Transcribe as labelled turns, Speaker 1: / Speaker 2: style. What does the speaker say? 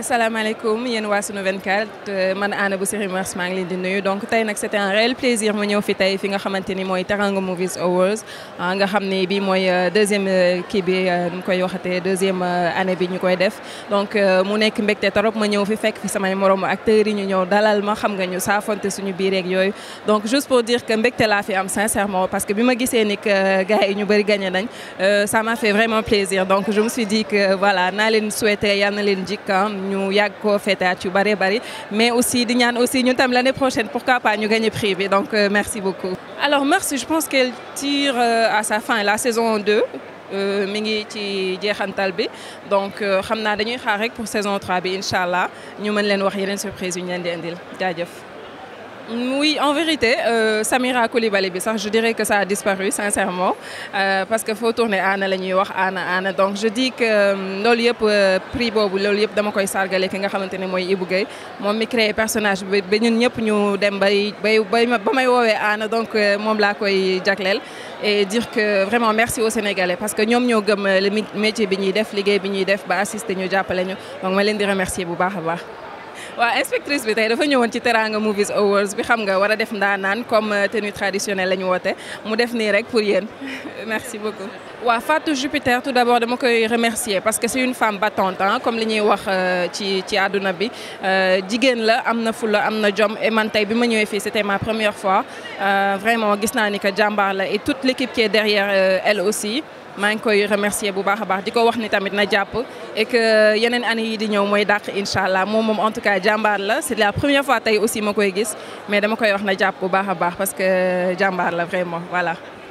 Speaker 1: salaamaaleykum yéen waa sunu 24 euh, man Anna bu Siri Mars maa ngi leen di nuyu donc tey nag c'était un réel plaisir ma ñëw fi tey fi nga xamante ni mooy Teranga Movies Awards ah, nga xam ni bii mooy euh, deuxième euh, kii bi nu mu koy waxatee deuxième anne bi ñu koy def donc mu nekk mbégte torop ma ñëw fi fekk fi samay moroom acteurs yi ñu ñëw dalal ma xam nga ñu saafonte suñu biir ak yooyu donc juste pour dire que mbégte laa fi am sincèrement parce que bi ma gisee ni que gars yi nañ ça m'a fait vraiment plaisir donc je me suis dit que leen souhaiter yal ñu yàgg koo fetaat yu bare bari mais aussi di ñaan aussi ñun tam l'année prochaine pourquoi pas ñu gagner prix bi donc euh, merci beaucoup. alors merci je pense qu'elle tire euh, à sa fin la saison 2. Euh, mi ngi ci jeexantal bi donc xam naa dañuy xaar rek pour saison 3 bi incha allah ñu mën leen wax yeneen surprise yu ñu leen di indil jaajëf. Oui, en vérité, euh, Samira Koulibaly, je dirais que sa a disparu, sincèrement, euh, parce que faut tourner Anna, la New York, Anna, Anna. Donc, je di que euh, l'oliep euh, prix boobu loolu l'oliep dama koy sargalé ki nga xamantene moy Ibou Gueye, mom mi créé personnage ba ñun ñëpp ñu dem bay bay ba may wowe Anna, donc euh, moom laa koy jaglel et dire que vraiment merci aux Sénégalais parce que ñoom ñoo gëm le métier bi ñuy def, liguey bi ñuy def ba assister ñu jappalé ñu. Donc, ma leen di remercier bu baaxa baax. waaw inspectrice bi tey dafa ñëwoon ci Teranga Movies Awards bi xam nga war a def ndaanaan comme euh, tenue traditionnelle la ñu woote mu def nii rek pour yéen merci beaucoup. waaw Fatou Jupiter tout d'abord dama koy remercier parce que c'est une femme battante comme li ñuy wax euh, ci ci àdduna bi euh, jigéen la am na fula am na jom e man tey bi ma ñëwee fii c'était ma première fois vraiment gis naa ni que jàmbaar la et toute l'équipe qui est derrière elle aussi. maa ngi koy remercier bu baax a baax di ko wax ni tamit na jàpp et que euh, yeneen année yi di ñëw mooy daq incha allah moom moom en tout cas jàmbaar la c'est la première fois tey aussi ma koy gis mais dama koy wax na jàpp bu baax a baax parce que euh, jàmbaar la vraiment voilà.